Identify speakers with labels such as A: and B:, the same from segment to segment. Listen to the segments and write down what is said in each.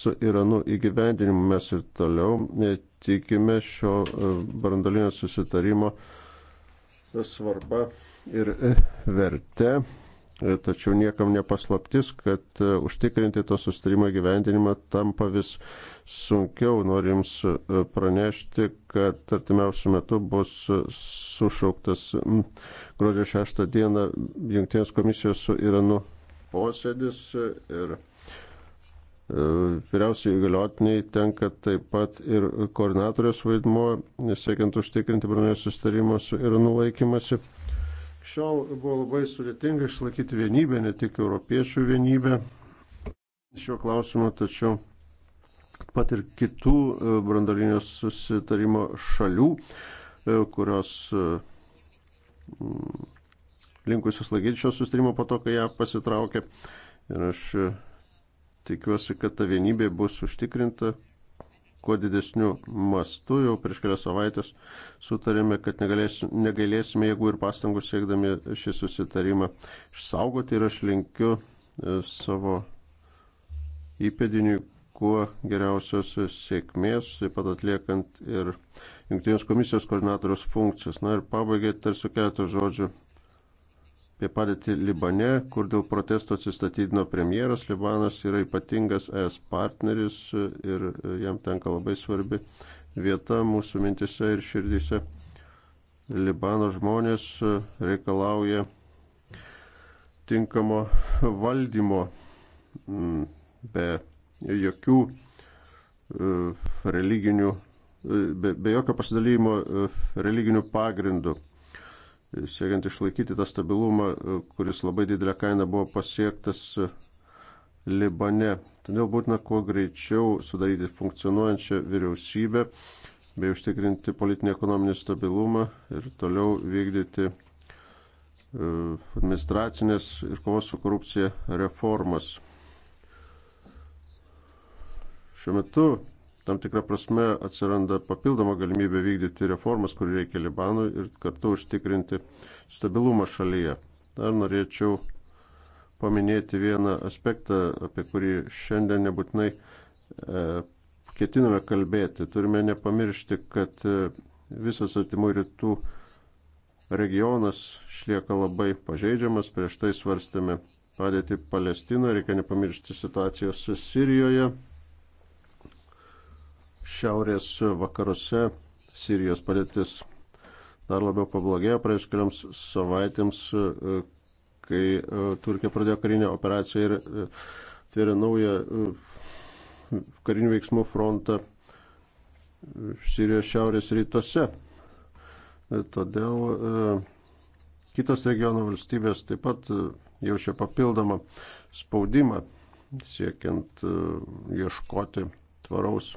A: su Iranu įgyvendinimu. Mes ir toliau e, tikime šio e, brandolinio susitarimo e, svarba ir verte. Tačiau niekam nepaslaptis, kad užtikrinti to sustarimo gyvendinimą tampa vis sunkiau. Noriu Jums pranešti, kad artimiausių metų bus sušauktas gruodžio 6 dieną Junktinės komisijos su Iranu posėdis ir E, Vyriausiai įgaliotiniai tenka taip pat ir koordinatorės vaidmuo, siekiant užtikrinti branės sustarimo su Iranu laikymasi. Šiol buvo labai sudėtinga išlaikyti vienybę, ne tik europiečių vienybę šiuo klausimu, tačiau pat ir kitų e, brandolinio susitarimo šalių, e, kurios linkusios laikyti šio sustarimo po to, kai ją pasitraukė. Ir aš Tikiuosi, kad ta vienybė bus užtikrinta kuo didesniu mastu. Jau prieš kelias savaitės sutarėme, kad negalėsime, negalėsime jeigu ir pastangų siekdami šį susitarimą išsaugoti. Ir aš linkiu e, savo įpėdiniui kuo geriausios sėkmės, taip pat atliekant ir Junktinės komisijos koordinatorius funkcijas. Na ir pabaigai tarsi keletą žodžių apie padėtį Libane, kur dėl protesto atsistatydino premjeras. Libanas yra ypatingas ES partneris ir jam tenka labai svarbi vieta mūsų mintise ir širdyse. Libano žmonės reikalauja tinkamo valdymo mm, be jokių e, religinių, e, be, be jokio pasidalymo e, religinių pagrindų siekiant išlaikyti tą stabilumą, e, kuris labai didelę kainą buvo pasiektas e, Libane. Todėl būtina kuo greičiau sudaryti funkcionuojančią vyriausybę bei užtikrinti politinį ekonominį stabilumą ir toliau vykdyti e, administracinės ir kovos su korupcija reformas. Šiuo metu tam tikrą prasme atsiranda papildoma galimybė vykdyti reformas, kur reikia Libanui ir kartu užtikrinti stabilumą šalyje. Dar norėčiau paminėti vieną aspektą, apie kurį šiandien nebūtinai e, ketiname kalbėti. Turime nepamiršti, kad e, visas artimų rytų regionas išlieka labai pažeidžiamas. Prieš tai svarstėme padėti Palestiną, reikia nepamiršti situacijos Sirijoje šiaurės vakaruose Sirijos padėtis dar labiau pablogėjo praėjus keliams savaitėms, kai e, Turkija pradėjo karinę operaciją ir atvėrė e, naują e, karinių veiksmų frontą Sirijos šiaurės rytuose. Todėl kitos regiono valstybės taip pat jaučia papildomą spaudimą siekiant ieškoti tvaraus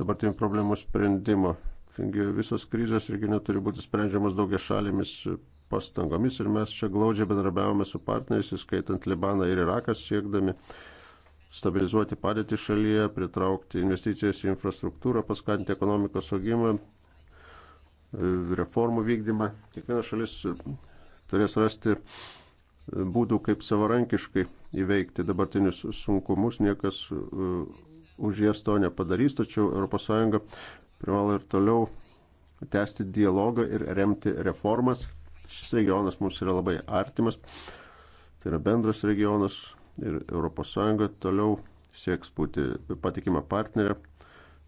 A: dabartinių problemų sprendimo. Fingi visos krizės regione turi būti sprendžiamas daugia šalėmis pastangomis ir mes čia glaudžiai bendrabiavome su partneriais, įskaitant Libaną ir Iraką, siekdami stabilizuoti padėtį šalyje, pritraukti investicijas į infrastruktūrą, paskatinti ekonomikos augimą, reformų vykdymą. Kiekviena šalis turės rasti būdų, kaip savarankiškai įveikti dabartinius sunkumus. Niekas už jas to nepadarys, tačiau ES privalo ir toliau tęsti dialogą ir remti reformas. Šis regionas mums yra labai artimas, tai yra bendras regionas ir ES toliau sieks būti patikima partnerė,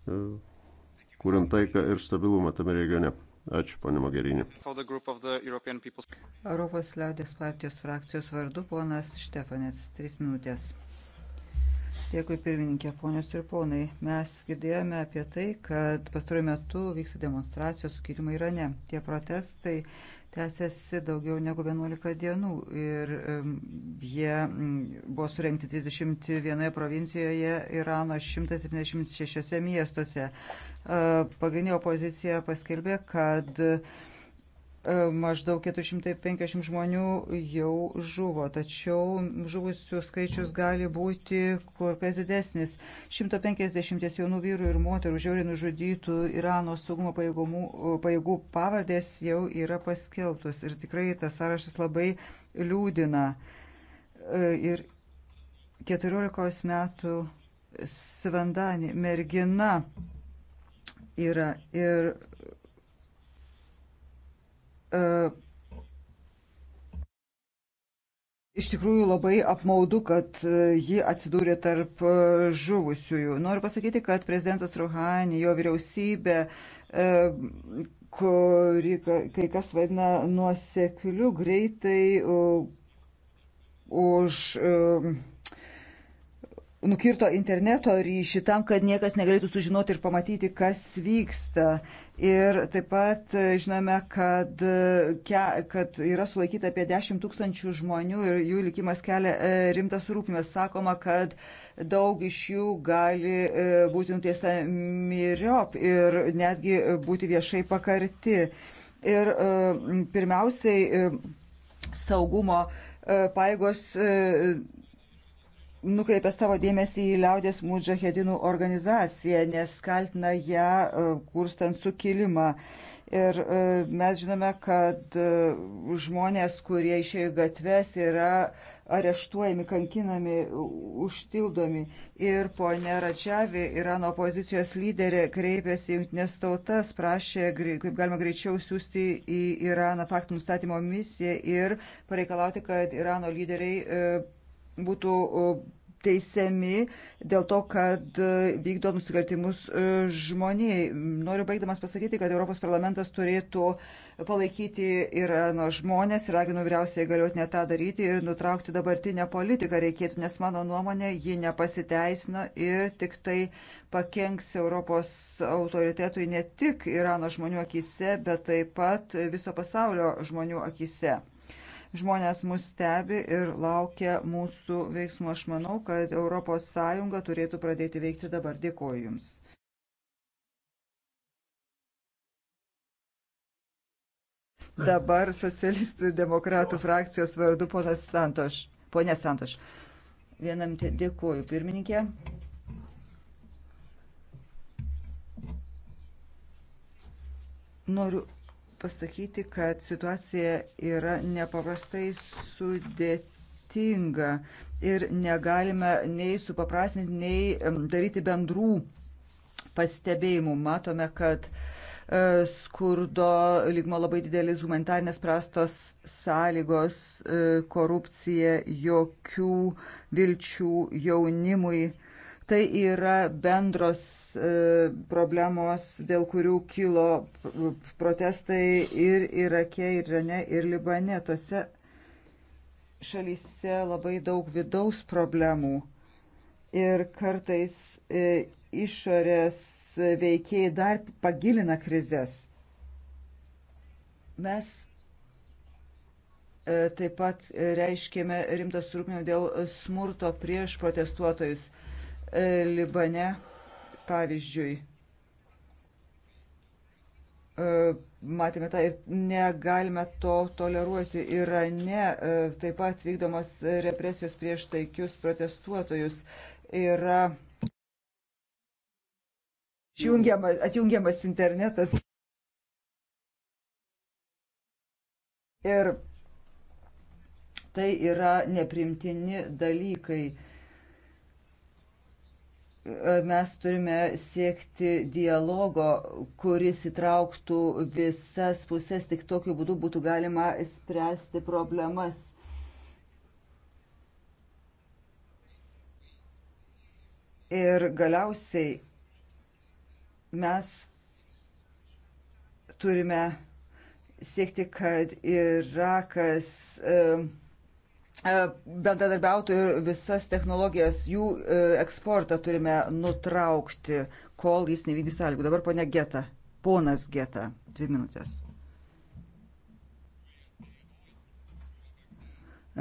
A: e, kuriant taiką ir stabilumą tame regione. Ačiū, ponė Mogerinė.
B: Europos liaudės partijos frakcijos vardu ponas Štefanės, trys minutės. Dėkui pirmininkė, ponios ir ponai. Mes girdėjome apie tai, kad pastaruoju metu vyksta demonstracijos sukilimai Irane. Tie protestai tęsiasi daugiau negu 11 dienų ir jie buvo surengti 31 provincijoje Irano 176 miestuose. Pagrindinė opozicija paskelbė, kad E, maždaug 450 žmonių jau žuvo, tačiau žuvusių skaičius gali būti kur kas didesnis. 150 jaunų vyrų ir moterų žiauriai nužudytų Irano saugumo pajėgumų, e, pajėgų pavardės jau yra paskelbtos ir tikrai tas sąrašas labai liūdina. E, ir 14 metų Svandani mergina yra ir E, iš tikrųjų labai apmaudu, kad e, ji atsidūrė tarp e, žuvusiųjų. Noriu pasakyti, kad prezidentas Rouhani, jo vyriausybė, kuri kai kas vadina nuosekliu, greitai už. Uh, nukirto interneto ryšį tam, kad niekas negalėtų sužinoti ir pamatyti, kas vyksta. Ir taip pat e, žinome, kad, e, ke, kad yra sulaikyta apie 10 tūkstančių žmonių ir jų likimas kelia e, rimtas rūpimas. Sakoma, kad daug iš jų gali būti nutiesta miriop ir netgi būti viešai pakarti. Ir pirmiausiai saugumo paėgos nukreipia savo dėmesį į liaudės mudžahedinų organizaciją, nes kaltina ją e, kurstant sukilimą. Ir e, mes žinome, kad e, žmonės, kurie išėjo į gatves, yra areštuojami, kankinami, užtildomi. Ir ponė Račiavi, Irano opozicijos lyderė, kreipėsi į jungtinės tautas, prašė, kaip galima greičiau siūsti į Iraną faktų nustatymo misiją ir pareikalauti, kad Irano lyderiai būtų teisiami dėl to, kad e, vykdo nusikaltimus e, žmoniai. Noriu baigdamas pasakyti, kad Europos parlamentas turėtų palaikyti Irano e, žmonės, raginu vyriausiai galiotinę tą daryti ir nutraukti dabartinę politiką reikėtų, nes mano nuomonė ji nepasiteisino ir tik tai pakenks Europos autoritetui ne tik Irano žmonių akise, bet taip pat viso pasaulio žmonių akise. Žmonės mus stebi ir laukia mūsų veiksmų. Aš manau, kad ES turėtų pradėti veikti dabar. Dėkoju Jums. Dabar socialistų ir demokratų frakcijos vardu ponas Santoš. Pone Santoš, vienam dėkoju pirmininkė. Noriu pasakyti, kad situacija yra nepaprastai sudėtinga ir negalime nei supaprastinti, nei daryti bendrų pastebėjimų. Matome, kad e, skurdo lygmo labai didelis humanitarnės prastos sąlygos, e, korupcija, jokių vilčių jaunimui Tai yra bendros e, problemos, dėl kurių kilo protestai ir Irake, ir Irane, ir Libane. Tose šalyse labai daug vidaus problemų. Ir kartais e, išorės veikėjai dar pagilina krizės. Mes e, taip pat reiškėme rimtą surūpinimą dėl smurto prieš protestuotojus. E, Libane, pavyzdžiui, e, matėme tą ir negalime to toleruoti. Irane e, taip pat vykdomos represijos prieš taikius protestuotojus yra atjungiamas, atjungiamas internetas. Ir tai yra neprimtini dalykai mes turime siekti dialogo, kuris įtrauktų visas pusės, tik tokiu būdu būtų galima spręsti problemas. Ir galiausiai mes turime siekti, kad Irakas e, E, bendradarbiautų ir visas technologijas, jų e, eksportą turime nutraukti, kol jis nevykdys sąlygų. Dabar ponia Geta, ponas Geta, dvi minutės.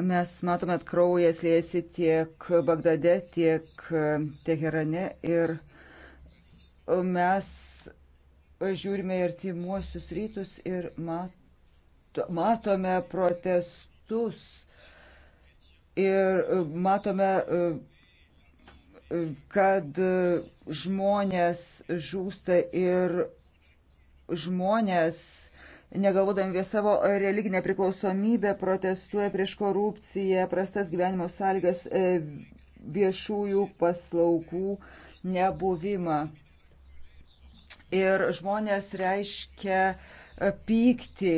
B: Mes matome, kad kraujas lėsi tiek Bagdade, tiek e, Teherane ir mes žiūrime ir timuosius rytus ir matome protestus ir e, matome, e, e, kad žmonės žūsta ir žmonės, negalvodami apie savo religinę priklausomybę, protestuoja prieš korupciją, prastas gyvenimo sąlygas, viešųjų paslaugų nebuvimą. Ir žmonės reiškia pykti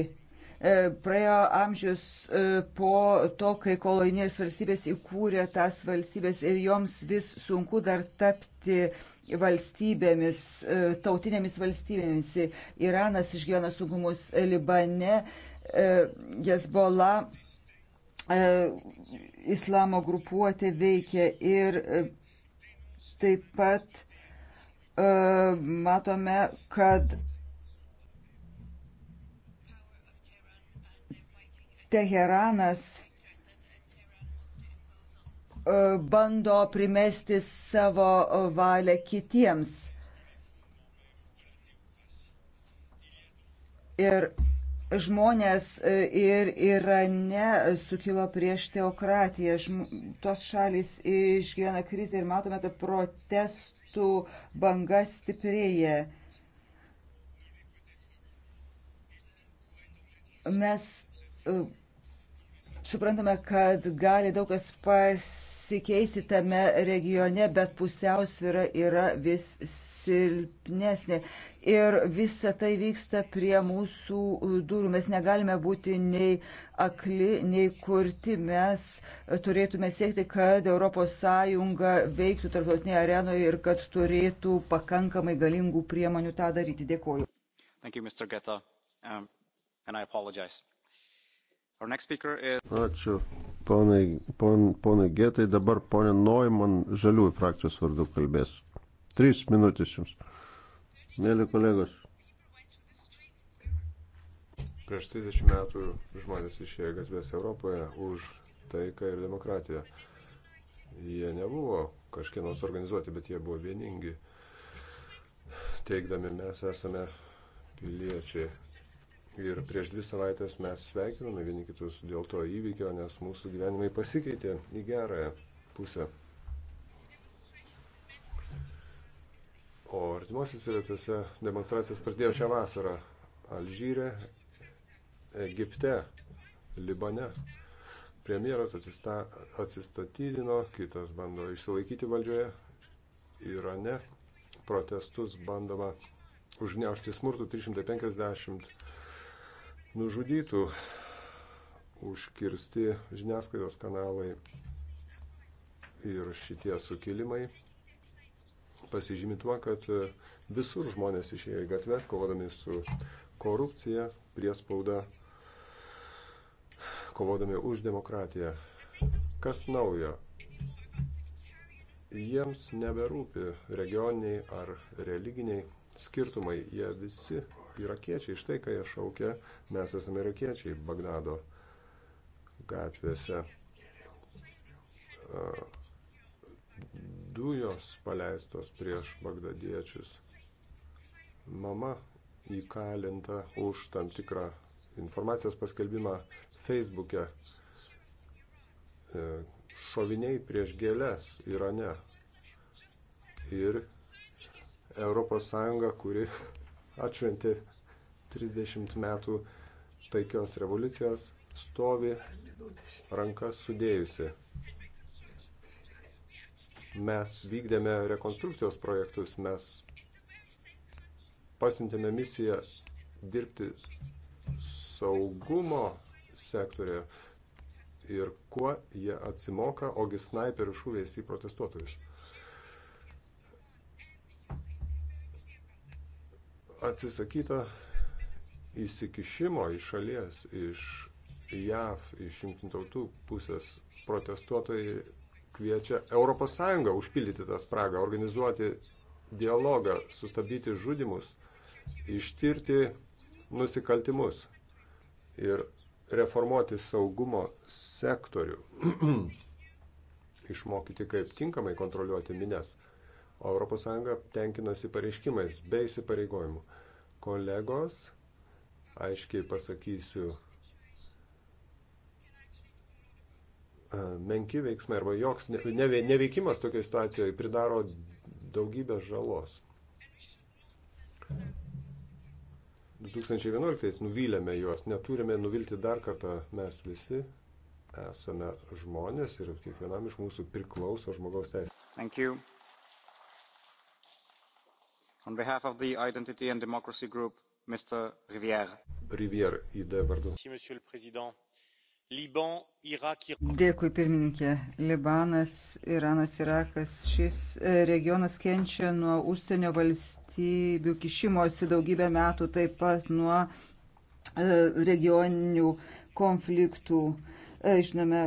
B: E, praėjo amžius e, po to, kai kolonijos valstybės įkūrė tas valstybės ir joms vis sunku dar tapti valstybėmis, e, tautinėmis valstybėmis. Iranas išgyvena sunkumus Libane, Jezbola, islamo grupuotė veikia ir taip pat matome, kad Teheranas e, bando primesti savo valią kitiems. Ir žmonės e, ir Irane sukilo prieš teokratiją. Tos šalis išgyvena krizę ir matome, kad protestų banga stiprėja. Mes e, Suprantame, kad gali daug kas pasikeisti tame regione, bet pusiausvyra yra vis silpnesnė. Ir visa tai vyksta prie mūsų durų. Mes negalime būti nei akli, nei kurti. Mes turėtume siekti, kad ES veiktų tarptautinėje arenoje ir kad turėtų pakankamai galingų priemonių tą daryti. Dėkuoju.
A: Thank you, Mr. Geta. Um, and I apologize. Ačiū, ponai, pon, ponai Gėtai. Dabar ponė Noiman Žaliųjų frakcijos vardu kalbės. Trys minutės jums. Mėly kolegos.
C: Prieš 30 metų žmonės išėjo gatvės Europoje už taiką ir demokratiją. Jie nebuvo kažkieno suorganizuoti, bet jie buvo vieningi. Teikdami mes esame piliečiai. Ir prieš dvi savaitės mes sveikinome vieni kitus dėl to įvykio, nes mūsų gyvenimai pasikeitė į gerąją pusę. O artimuosiuose rytuose demonstracijos prasidėjo šią vasarą Alžyre, Egipte, Libane. Premjeras atsista, atsistatydino, kitas bando išsilaikyti valdžioje. Irane protestus bandoma užgniaužti smurtų 350 nužudytų, užkirsti žiniasklaidos kanalai ir šitie sukilimai pasižymi tuo, kad e, visur žmonės išėjo į gatves, kovodami su korupcija, priespauda, kovodami už demokratiją. Kas naujo? Jiems neberūpi regioniniai ar religiniai skirtumai, jie visi irakiečiai. Štai ką jie šaukia, mes esame irakiečiai Bagdado gatvėse. Dujos paleistos prieš bagdadiečius. Mama įkalinta už tam tikrą informacijos paskelbimą Facebook'e. E, šoviniai prieš gėlės Irane. Ir ES, kuri atšventi 30 metų taikios revoliucijos, stovi rankas sudėjusi. Mes vykdėme rekonstrukcijos projektus, mes pasintėme misiją dirbti saugumo sektorėje ir kuo jie atsimoka, ogi snaiperių šūviais į protestuotojus. atsisakyta įsikišimo iš šalies, iš JAV, iš jungtinių tautų pusės protestuotojai kviečia ES užpildyti tą spragą, organizuoti dialogą, sustabdyti žudimus, ištirti nusikaltimus ir reformuoti saugumo sektorių, išmokyti kaip tinkamai kontroliuoti mines o ES tenkinasi pareiškimais be įsipareigojimų. Kolegos, aiškiai pasakysiu, menki veiksmai arba joks neveikimas tokioje situacijoje pridaro daugybę žalos. 2011 nuvylėme juos, neturime nuvilti dar kartą, mes visi esame žmonės ir kiekvienam iš mūsų priklauso žmogaus teisė. Thank you.
B: On behalf of the Identity and Democracy Group, Mr.
C: Rivière. Rivière, ID vardu. Monsieur le Président. Liban, Irak, Irak. Dėkui,
B: pirmininkė. Libanas, Iranas, Irakas. Šis e, regionas kenčia nuo užsienio valstybių kišimosi daugybę metų, taip pat nuo e, regioninių konfliktų. E, žinome,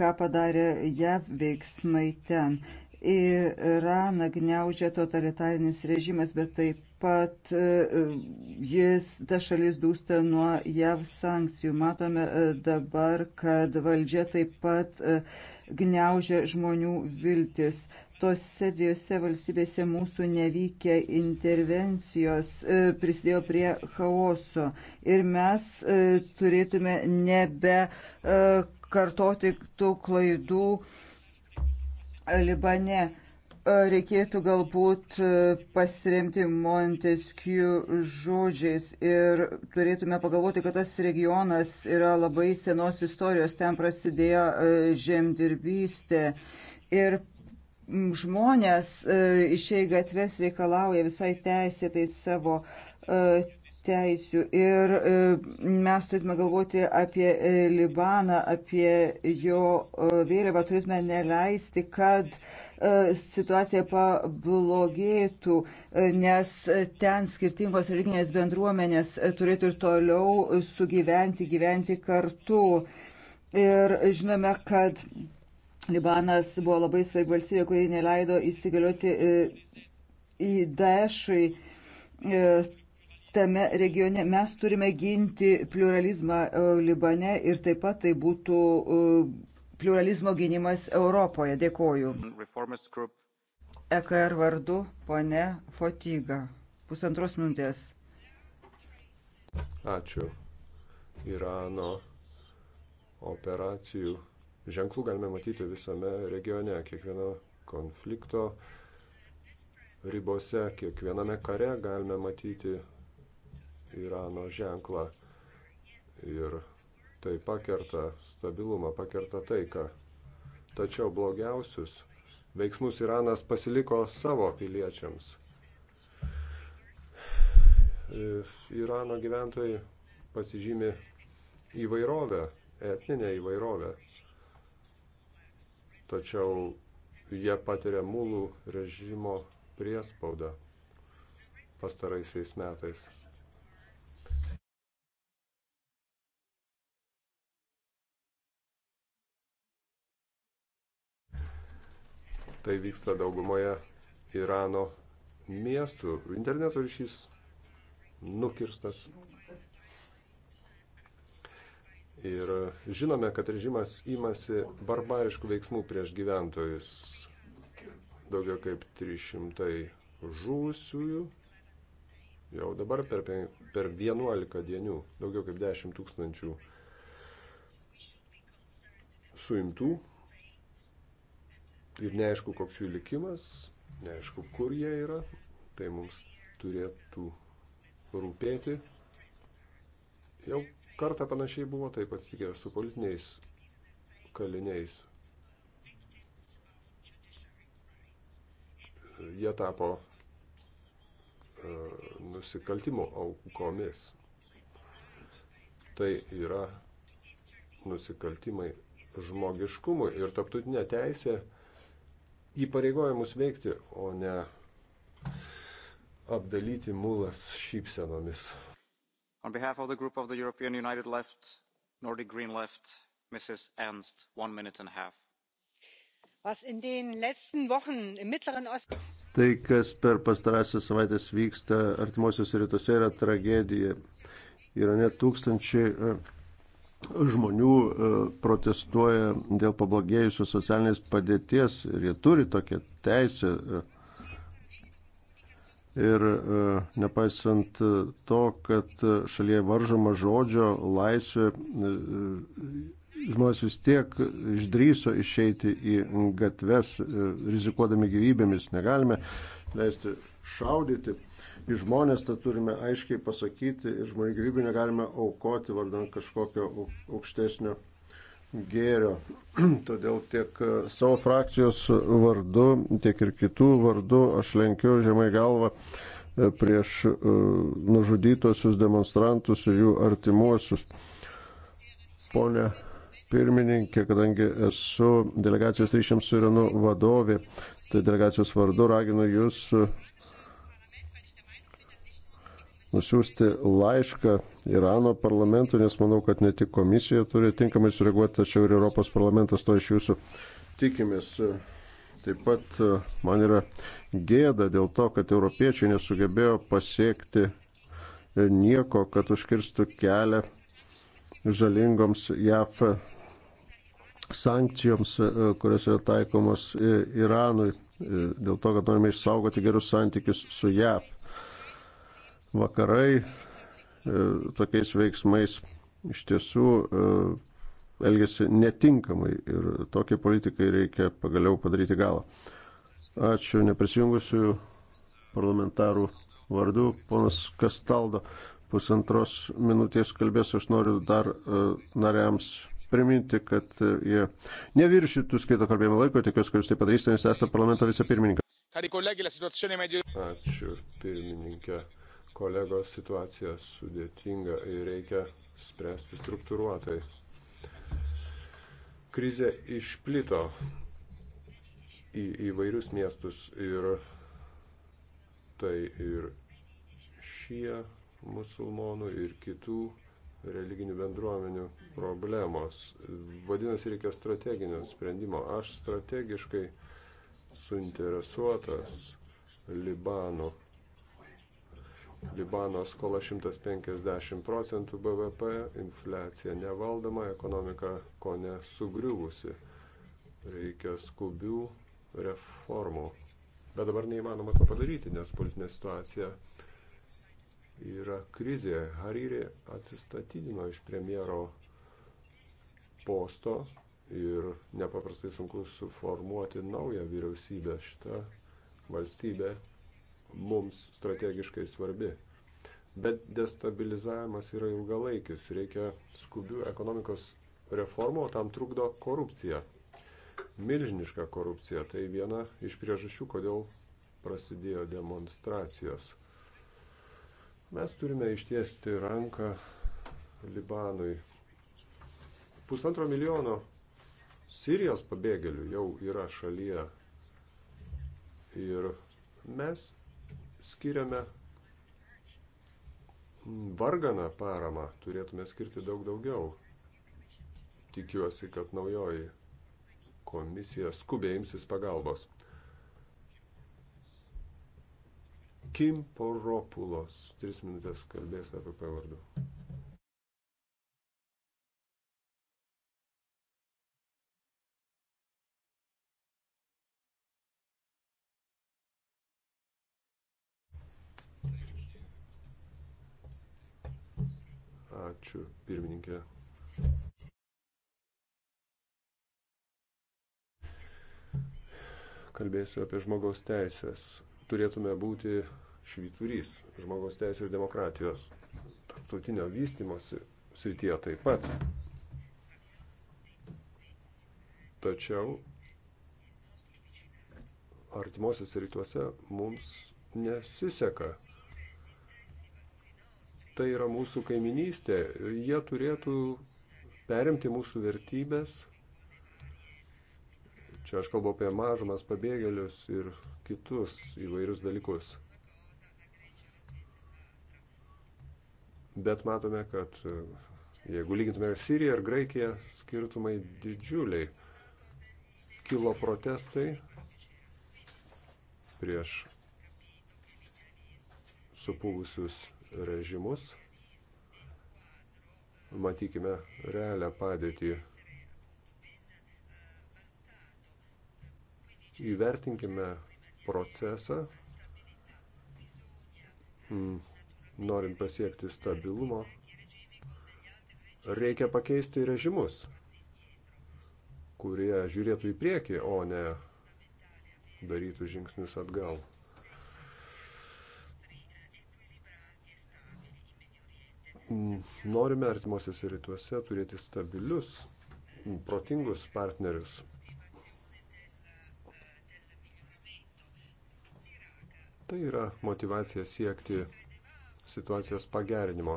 B: ką padarė JAV veiksmai ten. Iraną gniaužia totalitarinis režimas, bet taip pat e, jis, ta šalis dūsta nuo JAV sankcijų. Matome e, dabar, kad valdžia taip pat e, gniaužia žmonių viltis. Tose dviejose valstybėse mūsų nevykę intervencijos prisidėjo prie chaoso ir mes turėtume nebe kartoti tų klaidų, Libane e, reikėtų galbūt e, pasiremti Montesquieu žodžiais ir turėtume pagalvoti, kad tas regionas yra labai senos istorijos, ten prasidėjo e, žemdirbystė ir žmonės išėjai gatves reikalauja visai teisėtai savo teisių. Ir e, mes turėtume galvoti apie e, Libaną, apie jo e, vėliavą, turėtume neleisti, kad situacija pablogėtų, nes ten skirtingos religinės bendruomenės turėtų ir toliau sugyventi, gyventi kartu. Ir žinome, kad Libanas buvo labai svarbi valstybė, kuri neleido įsigalioti į Daešui tame regione. Mes turime ginti pluralizmą e, Libane ir taip pat tai būtų e, pluralizmo gynimas Europoje. Dėkoju. EKR e er vardu pone Fotyga. Pusantros minutės.
C: Ačiū. Irano operacijų ženklų galime matyti visame regione, kiekvieno konflikto ribose, kiekviename kare galime matyti Irano ženklą ir tai pakerta stabilumą, pakerta taiką. Tačiau blogiausius veiksmus Iranas pasiliko savo piliečiams. Irano gyventojai pasižymi įvairovę, etninę įvairovę. Tačiau jie patiria mulų režimo priespaudą pastaraisiais metais. Tai vyksta daugumoje Irano miestų. Interneto ryšys nukirstas. Ir žinome, kad režimas imasi barbariškų veiksmų prieš gyventojus. Daugiau kaip 300 žūsiųjų. Jau dabar per, per 11 dienų daugiau kaip 10 tūkstančių suimtų ir neaišku, koks jų likimas, neaišku, kur jie yra, tai mums turėtų rūpėti. Jau kartą panašiai buvo taip atsitikę su politiniais kaliniais. Jie tapo e, nusikaltimo aukomis. Tai yra nusikaltimai žmogiškumui ir taptutinė teisė įpareigojimus veikti, o ne apdalyti mulas šypsenomis.
A: On behalf of the group of the European United Left, Nordic Green Left, Mrs. Ernst, one minute and a half.
D: Was in den letzten Wochen im Mittleren Osten.
A: Tai, kas per pastarąsias savaitės vyksta artimuosiuose rytuose, yra tragedija. Yra net tūkstančiai žmonių e, protestuoja dėl pablogėjusios socialinės padėties ir jie turi tokią teisę. E, ir e, nepaisant to, kad šalyje varžoma žodžio laisvė, žmonės vis tiek išdryso išeiti į gatves, rizikuodami gyvybėmis. Negalime leisti šaudyti į žmonės, tą turime aiškiai pasakyti ir žmonių gyvybių negalime aukoti vardant kažkokio aukštesnio gėrio. Todėl tiek e, savo frakcijos vardu, tiek ir kitų vardu aš lenkiu žemai galvą e, prieš e, nužudytosius demonstrantus ir jų artimuosius. Pone pirmininkė, kadangi esu delegacijos ryšiams su Iranu vadovė, tai delegacijos vardu raginu jūs nusiųsti laišką Irano parlamentui, nes manau, kad ne tik komisija turi tinkamai sureaguoti, tačiau ir Europos parlamentas to iš jūsų tikimės. Taip pat e, man yra gėda dėl to, kad europiečiai nesugebėjo pasiekti e, nieko, kad užkirstų kelią žalingoms JAF e, sankcijoms, kurios yra taikomos Iranui, dėl to, kad norime išsaugoti gerus santykius su JAF vakarai e, tokiais veiksmais iš tiesų e, elgesi netinkamai ir tokiai politikai reikia pagaliau padaryti galą. Ačiū neprisijungusių parlamentarų vardu. Ponas Kastaldo pusantros minutės kalbės. Aš noriu dar e, nariams priminti, kad jie neviršytų skaito kalbėjimo laiko. Tikiuosi, kad jūs tai padarysite, nes esate parlamento vicepirmininkas.
E: Ačiū,
C: pirmininkė kolegos situacija sudėtinga ir reikia spręsti struktūruotai. Krize išplito į įvairius miestus ir tai ir šie musulmonų ir kitų religinių bendruomenių problemos. Vadinasi, reikia strateginio sprendimo. Aš strategiškai suinteresuotas Libano Libano skola 150 procentų BVP, infliacija nevaldoma, ekonomika ko nesugriuvusi. Reikia skubių reformų. Bet dabar neįmanoma to padaryti, nes politinė situacija yra krizė. Hariri atsistatydino iš premjero posto ir nepaprastai sunku suformuoti naują vyriausybę. Šitą valstybę mums strategiškai svarbi. Bet destabilizavimas yra ilgalaikis, reikia skubių ekonomikos reformų, o tam trukdo korupcija. Milžiniška korupcija tai viena iš priežasčių, kodėl prasidėjo demonstracijos. Mes turime ištiesti ranką Libanui. Pusantro milijono Sirijos pabėgėlių jau yra šalyje. Ir mes skiriame varganą paramą, turėtume skirti daug daugiau. Tikiuosi, kad naujoji komisija skubiai imsis pagalbos. Kim Poropulos, tris minutės kalbės apie pavardą. pirmininkė. Kalbėsiu apie žmogaus teisės. Turėtume būti švyturys žmogaus teisės ir demokratijos tarptautinio vystimosi srityje taip pat. Tačiau artimuosiuose rytuose mums nesiseka tai yra mūsų kaiminystė, jie turėtų perimti mūsų vertybės. Čia aš kalbu apie mažumas, pabėgėlius ir kitus įvairius dalykus. Bet matome, kad e, jeigu lygintume Siriją ir Graikiją, skirtumai didžiuliai. Kilo protestai prieš supūvusius režimus. Matykime realią padėtį. Įvertinkime procesą, hmm. norint pasiekti stabilumo, reikia pakeisti režimus, kurie žiūrėtų į priekį, o ne darytų žingsnius atgal. norime artimuosiuose rytuose turėti stabilius, protingus partnerius. Tai yra motivacija siekti situacijos pagerinimo.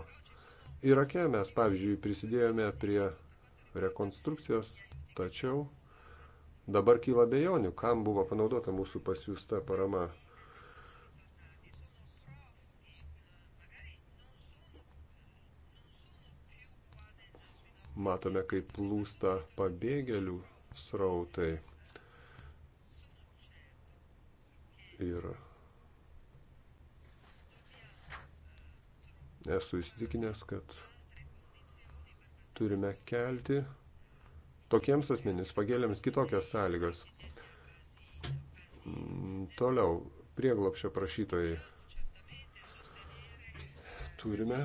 C: Irake mes, pavyzdžiui, prisidėjome prie rekonstrukcijos, tačiau dabar kyla bejonių, kam buvo panaudota mūsų pasiūsta parama matome, kaip plūsta pabėgėlių srautai. Ir esu įsitikinęs, kad turime kelti tokiems asmenims, pagėlėms kitokias sąlygas. Mm, toliau, prieglopšio prašytojai. Turime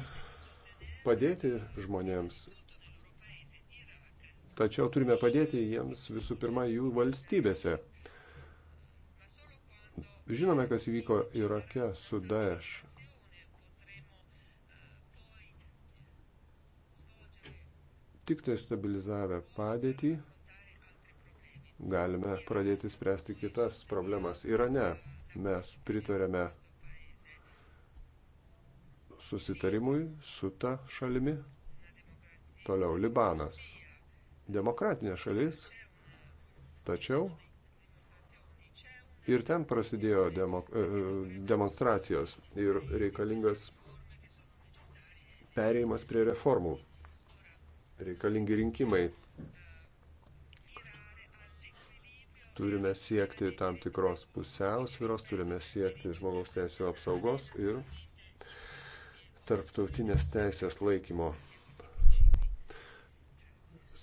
C: padėti žmonėms Tačiau turime padėti jiems visų pirma jų valstybėse. Žinome, kas įvyko Irake su Daesh. Tik tai stabilizavę padėtį galime pradėti spręsti kitas problemas. Irane mes pritarėme susitarimui su ta šalimi. Toliau Libanas demokratinė šalis, tačiau ir ten prasidėjo demo, e, e, demonstracijos ir reikalingas perėjimas prie reformų, reikalingi rinkimai. Turime siekti tam tikros pusiausviros, turime siekti žmogaus teisų apsaugos ir tarptautinės teisės laikymo.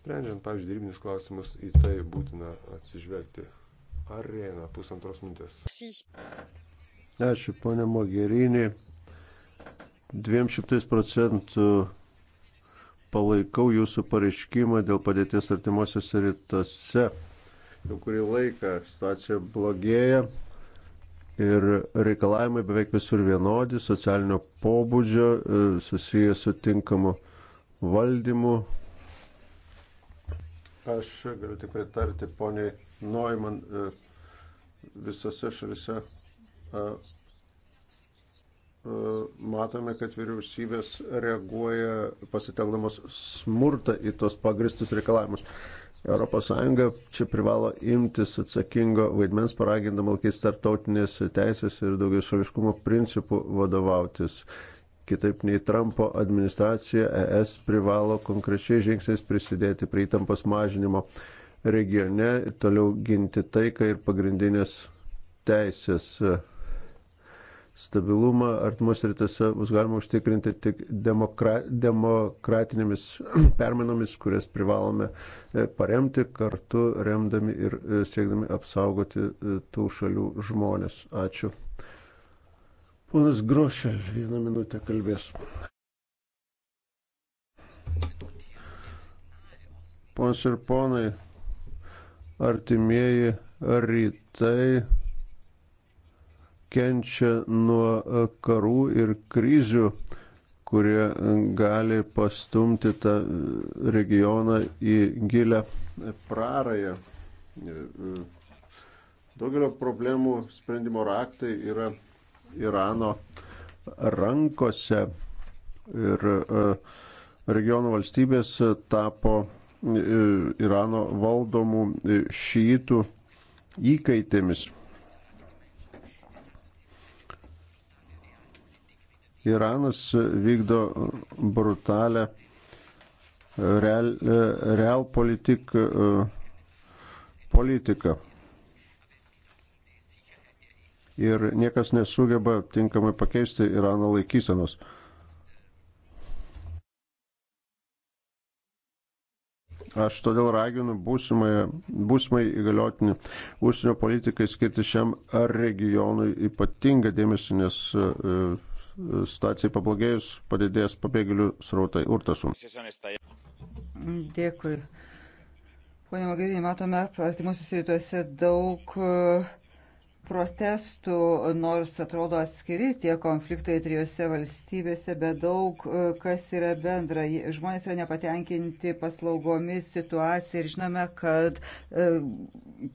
C: Sprendžiant, pavyzdžiui, dėrybinius klausimus, į tai būtina atsižvelgti. Arena, pusantros mintės.
A: Ačiū, ponė Mogerinė. 200 procentų palaikau jūsų pareiškimą dėl padėties artimuosiuose rytuose. Jau kurį laiką situacija blogėja ir reikalavimai beveik visur vienodi, socialinio pobūdžio, e, susijęs su tinkamu valdymu, Aš galiu tik pritarti poniai Noiman e, visose šalise. Matome, kad vyriausybės reaguoja pasitelkdamos smurtą į tos pagristus reikalavimus. ES čia privalo imtis atsakingo vaidmens, paragindama laikytis tarptautinės teisės ir daugiau šališkumo principų vadovautis. Uh, kitaip nei Trumpo administracija, ES privalo konkrečiai žingsniais prisidėti prie įtampos mažinimo regione ir toliau ginti taiką ir pagrindinės teisės stabilumą artimus rytuose bus galima užtikrinti tik demokra demokratinėmis permainomis, kurias privalome e, paremti kartu remdami ir e, siekdami apsaugoti e, tų šalių žmonės. Ačiū. Ponas Grošė vieną minutę kalbės. Ponas ir ponai, artimieji rytai kenčia nuo karų ir krizių, kurie gali pastumti tą regioną į gilę prarąją. Daugelio problemų sprendimo raktai yra Irano rankose ir e, regiono valstybės tapo e, Irano valdomų e, šytų įkaitėmis. Iranas vykdo brutalę real, real politik, politiką ir niekas nesugeba tinkamai pakeisti Irano laikysenos. Aš todėl raginu būsimai įgaliotinį užsienio politikai skirti šiam regionui ypatingą dėmesį, nes e, stacijai pablogėjus padidės pabėgėlių srautai urtasum.
B: Dėkui. Pone Magarinė, matome artimuosius rytuose daug uh, protestų, nors atrodo atskiri tie konfliktai trijose valstybėse, bet daug e, kas yra bendra. Žmonės yra nepatenkinti paslaugomis situacija ir žinome, kad e,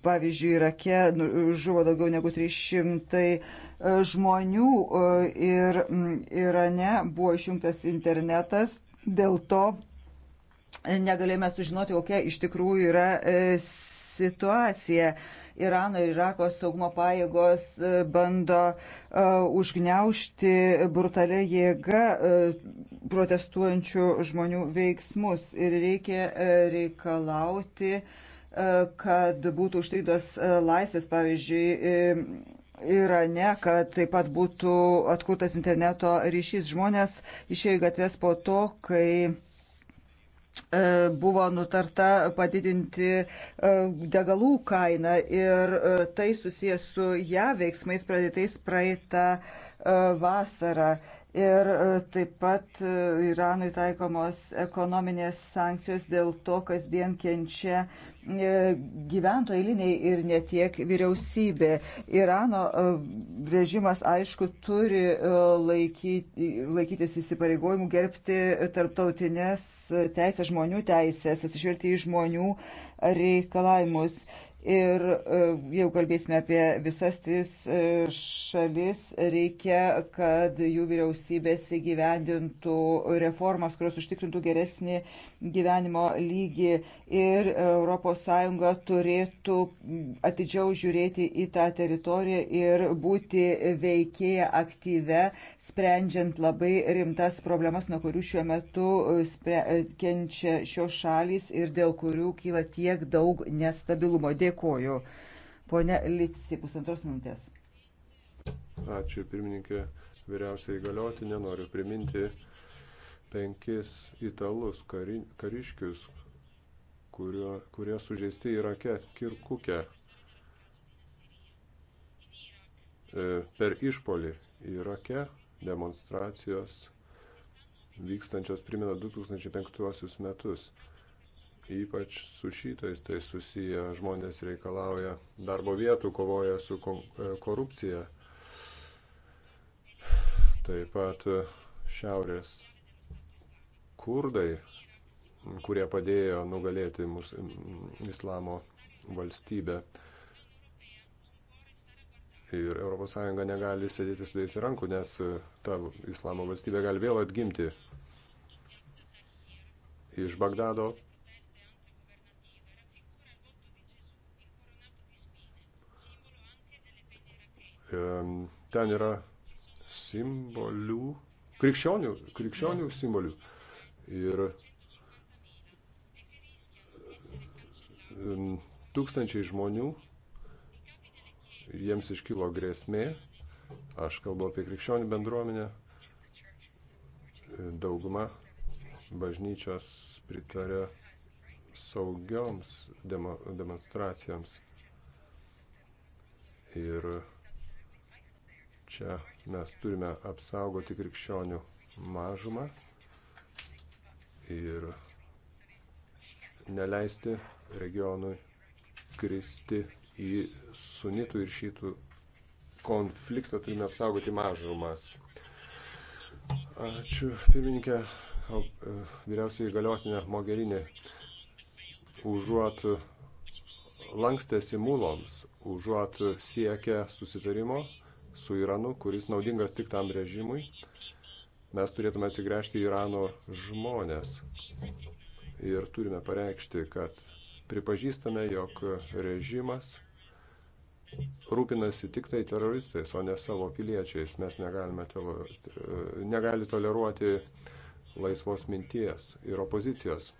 B: pavyzdžiui, Irake nu, žuvo daugiau negu 300 e, žmonių ir Irane buvo išjungtas internetas. Dėl to negalėjome sužinoti, kokia iš tikrųjų yra situacija. Irano ir Irako saugumo pajėgos e, bando e, užgneušti brutalią jėgą e, protestuojančių žmonių veiksmus ir reikia reikalauti, kad būtų užtrykdos laisvės, pavyzdžiui, Irane, kad taip pat būtų atkurtas interneto ryšys. Žmonės išėjo į gatves po to, kai E, buvo nutarta padidinti e, degalų kainą ir e, tai susijęs su ją veiksmais pradėtais praeitą vasarą. Ir e, taip pat e, Iranui taikomos ekonominės sankcijos dėl to, kasdien kenčia e, gyventojai eiliniai ir ne tiek vyriausybė. Irano režimas, aišku, turi laikyti, laikytis įsipareigojimų gerbti tarptautinės teisės, žmonių teisės, atsižvelgti į žmonių reikalavimus. Ir e, jeigu kalbėsime apie visas tris e, šalis, reikia, kad jų vyriausybės įgyvendintų reformas, kurios užtikrintų geresnį gyvenimo lygį ir ES turėtų atidžiau žiūrėti į tą teritoriją ir būti veikėja aktyve, sprendžiant labai rimtas problemas, nuo kurių šiuo metu kenčia šios šalys ir dėl kurių kyla tiek daug nestabilumo. Dėkoju. Pone Litsi, pusantros minutės.
C: Ačiū pirmininkė, vyriausiai įgaliotinė, noriu priminti penkis italus kari, kariškius, kurio, kurie sužeisti Irake Kirkuke e, per išpolį Irake demonstracijos vykstančios primena 2005 metus. Ypač su šitais tai susiję žmonės reikalauja darbo vietų, kovoja su e, korupcija. Taip pat e, šiaurės kurdai, kurie padėjo nugalėti mūsų islamo valstybę. Ir ES negali sėdėti sudėjusi rankų, nes e, ta islamo valstybė gali vėl atgimti iš Bagdado. Ten yra simbolių, krikščionių, krikščionių simbolių ir tūkstančiai žmonių, jiems iškilo grėsmė, aš kalbu apie krikščionių bendruomenę, dauguma bažnyčios pritarė saugioms demo, demonstracijoms. Ir čia mes turime apsaugoti krikščionių mažumą ir neleisti regionui kristi į sunitų ir šitų konfliktą, turime apsaugoti mažumas. Ačiū, pirmininkė, e, vyriausiai galiotinė Mogerinė. Užuot lankstėsi mūloms, užuot siekia susitarimo su Iranu, kuris naudingas tik tam režimui, Mes turėtume atsigręžti į Irano žmonės ir turime pareikšti, kad pripažįstame, jog režimas rūpinasi tik tai teroristais, o ne savo piliečiais. Mes negalime telo, negali toleruoti laisvos minties ir opozicijos.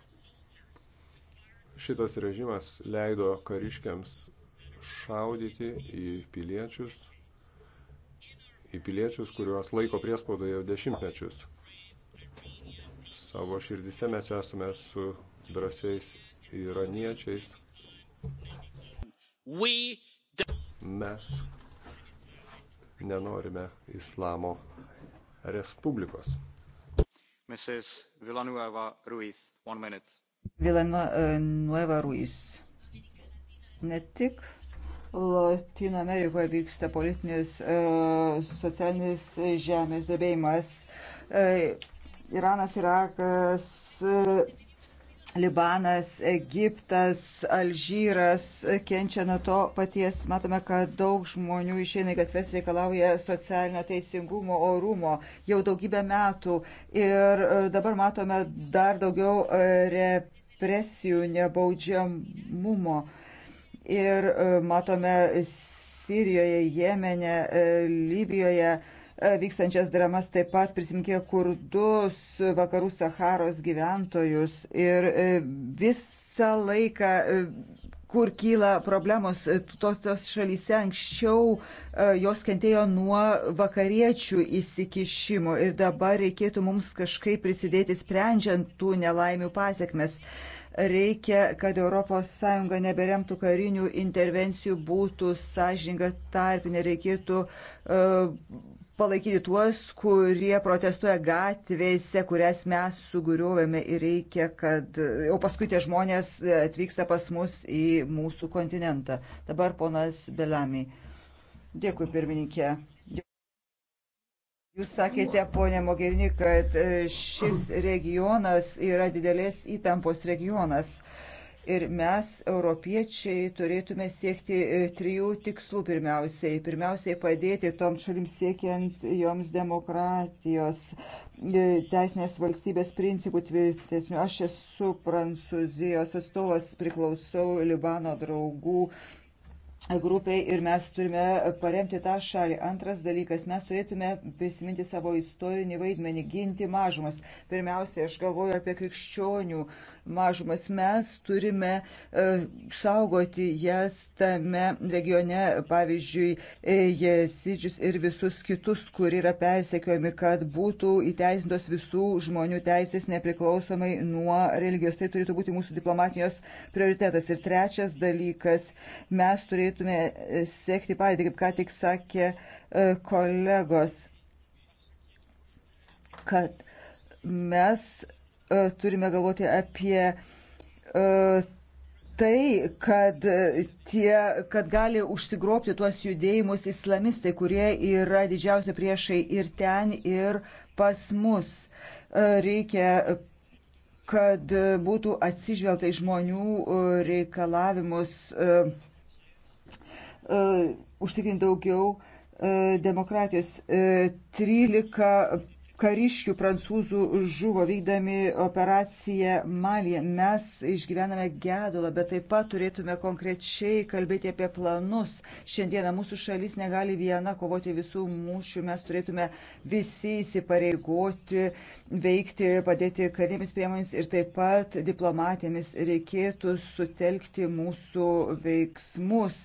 C: Šitas režimas leido kariškiams šaudyti į piliečius į piliečius, kuriuos laiko priespaudoje jau dešimtmečius. Savo širdise mes esame su drąsiais iraniečiais. Mes nenorime islamo respublikos.
A: Mrs. Villanueva
C: Ruiz, one minute.
B: Villanueva Ruiz. Ne tik Latino Amerikoje vyksta politinis, e, socialinis žemės drebėjimas. E, Iranas, Irakas, e, Libanas, Egiptas, Alžyras kenčia nuo to paties. Matome, kad daug žmonių išeina į gatves reikalauja socialinio teisingumo, orumo jau daugybę metų. Ir dabar matome dar daugiau represijų, nebaudžiamumo. Uh, Ir e, matome Sirijoje, Jemene, e, Libijoje e, vykstančias dramas taip pat prisimkė kurdus, vakarų Saharos gyventojus ir visą laiką, kur kyla problemos, tos, tos šalyse anksčiau jos kentėjo nuo vakariečių įsikišimo ir dabar reikėtų mums kažkaip prisidėti sprendžiant tų nelaimių pasiekmes. Reikia, kad ES neberemtų karinių intervencijų, būtų sąžininga tarpinė, reikėtų uh, e, palaikyti tuos, kurie protestuoja gatvėse, kurias mes sugriuvėme ir reikia, kad jau paskui tie žmonės atvyksta pas mus į mūsų kontinentą. Dabar ponas Belami. Dėkui, pirmininkė. Jūs sakėte, ponė Mogherini, kad e, šis regionas yra didelės įtampos regionas. Ir mes, europiečiai, turėtume siekti e, trijų tikslų pirmiausiai. Pirmiausiai padėti tom šalim siekiant joms demokratijos, e, teisinės valstybės principų tvirtesnių. Aš esu Prancūzijos atstovas, priklausau Libano draugų grupiai ir mes turime paremti tą šalį. Antras dalykas, mes turėtume prisiminti savo istorinį vaidmenį, ginti mažumas. Pirmiausia, aš galvoju apie krikščionių mažumas. Mes turime e, saugoti jas tame regione, pavyzdžiui, e, jesidžius ir visus kitus, kur yra persekiojami, kad būtų įteisintos visų žmonių teisės nepriklausomai nuo religijos. Tai turėtų būti mūsų diplomatijos prioritetas. Ir trečias dalykas, mes turėtume e, sekti padėtį, kaip ką tik sakė kolegos, kad mes E, turime galvoti apie e, tai, kad, e, tie, kad gali užsigrobti tuos judėjimus islamistai, kurie yra didžiausia priešai ir ten, ir pas mus. Reikia, kad būtų atsižvelgta į žmonių reikalavimus užtikrinti daugiau demokratijos. 13 kariškių prancūzų žuvo vykdami operaciją Malija. Mes išgyvename gedulą, bet taip pat turėtume konkrečiai kalbėti apie planus. Šiandieną mūsų šalis negali viena kovoti visų mūšių. Mes turėtume visi įsipareigoti, veikti, padėti karinėmis priemonėmis ir taip pat diplomatėmis. Reikėtų sutelkti mūsų veiksmus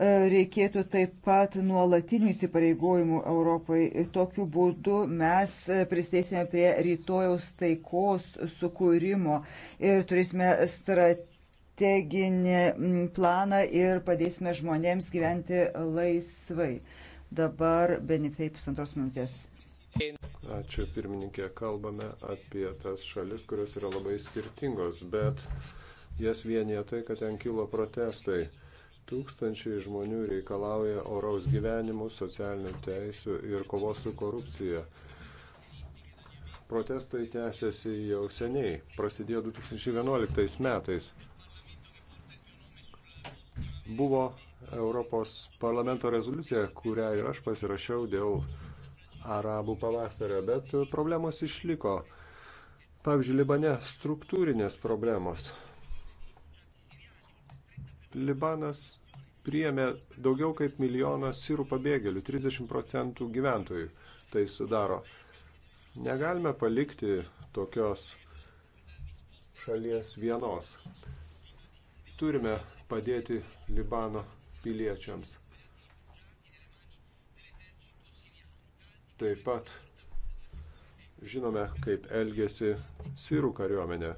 B: reikėtų taip pat nuolatinių įsipareigojimų Europai. Tokiu būdu mes pristėsime prie rytojaus taikos sukūrimo ir turėsime strateginį planą ir padėsime žmonėms gyventi laisvai. Dabar Benifei pusantros minutės.
C: Ačiū pirmininkė, kalbame apie tas šalis, kurios yra labai skirtingos, bet jas vienyje tai, kad ten kilo protestai. Tūkstančiai žmonių reikalauja oraus gyvenimų, socialinių teisų ir kovos su korupcija. Protestai tęsiasi jau seniai, prasidėjo 2011 metais. Buvo Europos parlamento rezoliucija, kurią ir aš pasirašiau dėl arabų pavasario, bet problemos išliko. Pavyzdžiui, Libane struktūrinės problemos Libanas priėmė daugiau kaip milijoną sirų pabėgėlių, 30 procentų gyventojų tai sudaro. Negalime palikti tokios šalies vienos. Turime padėti Libano piliečiams. Taip pat žinome, kaip elgėsi sirų kariuomenė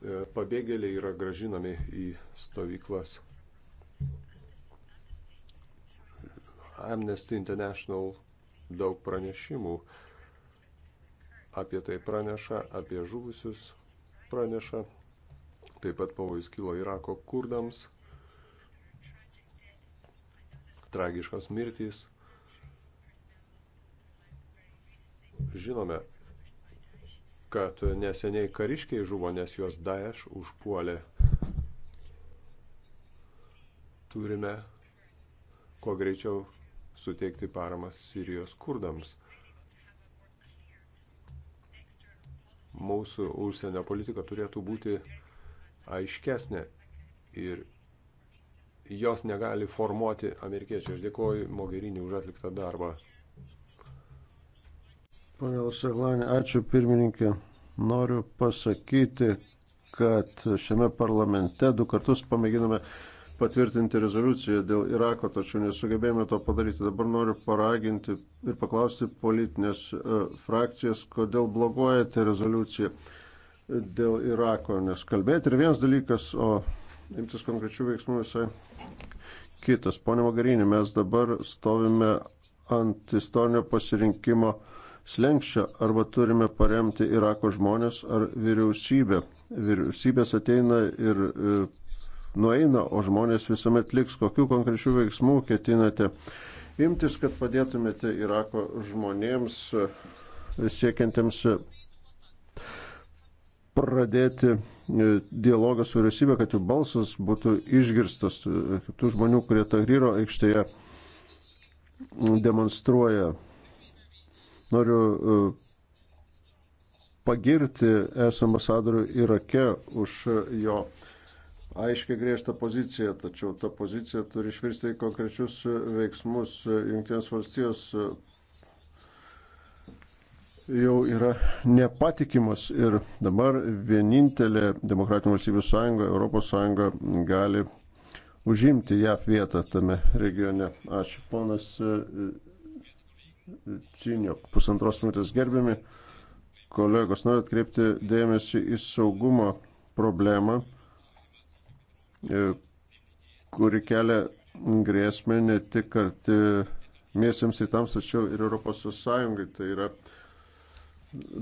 C: E, pabėgėliai yra gražinami į stovyklas. Amnesty International daug pranešimų apie tai praneša, apie žuvusius praneša. Taip pat pavojus kilo Irako kurdams. Tragiškos mirtys. Žinome, kad neseniai kariškiai žuvo, nes juos Daesh užpuolė. Turime kuo greičiau suteikti paramą Sirijos kurdams. Mūsų užsienio politika turėtų būti aiškesnė ir jos negali formuoti amerikiečiai. Aš dėkuoju Mogherini už atliktą darbą.
A: Pane Lasaglani, ačiū pirmininkė. Noriu pasakyti, kad šiame parlamente du kartus pamėginome patvirtinti rezoliuciją dėl Irako, tačiau nesugebėjome to padaryti. Dabar noriu paraginti ir paklausti politinės e, frakcijas, kodėl bloguojate rezoliuciją dėl Irako, nes kalbėti ir vienas dalykas, o imtis konkrečių veiksmų visai kitas. Pone Magarinė, mes dabar stovime ant istorinio pasirinkimo slengščio, arba turime paremti Irako žmonės ar vyriausybę. Vyriausybės ateina ir e, nueina, o žmonės visuomet liks. Kokių konkrečių veiksmų ketinate imtis, kad padėtumėte Irako žmonėms e, siekiantiems e, pradėti e, dialogą su vyriausybė, kad jų balsas būtų išgirstas, tų žmonių, kurie Tahryro aikštėje demonstruoja Noriu e, pagirti es ambasadorių Irake už jo aiškiai griežtą poziciją, tačiau ta pozicija turi išvirsti į konkrečius veiksmus. Junktinės valstijos jau yra nepatikimas ir dabar vienintelė Demokratinių valstybių sąjunga, Europos sąjunga gali užimti JAF vietą tame regione. Ačiū, ponas Cinio. Pusantros minutės gerbiami kolegos. Noriu atkreipti dėmesį į saugumo problemą, e, kuri kelia grėsmę ne tik artimiesiams rytams, tačiau ir Europos Sąjungai. Tai yra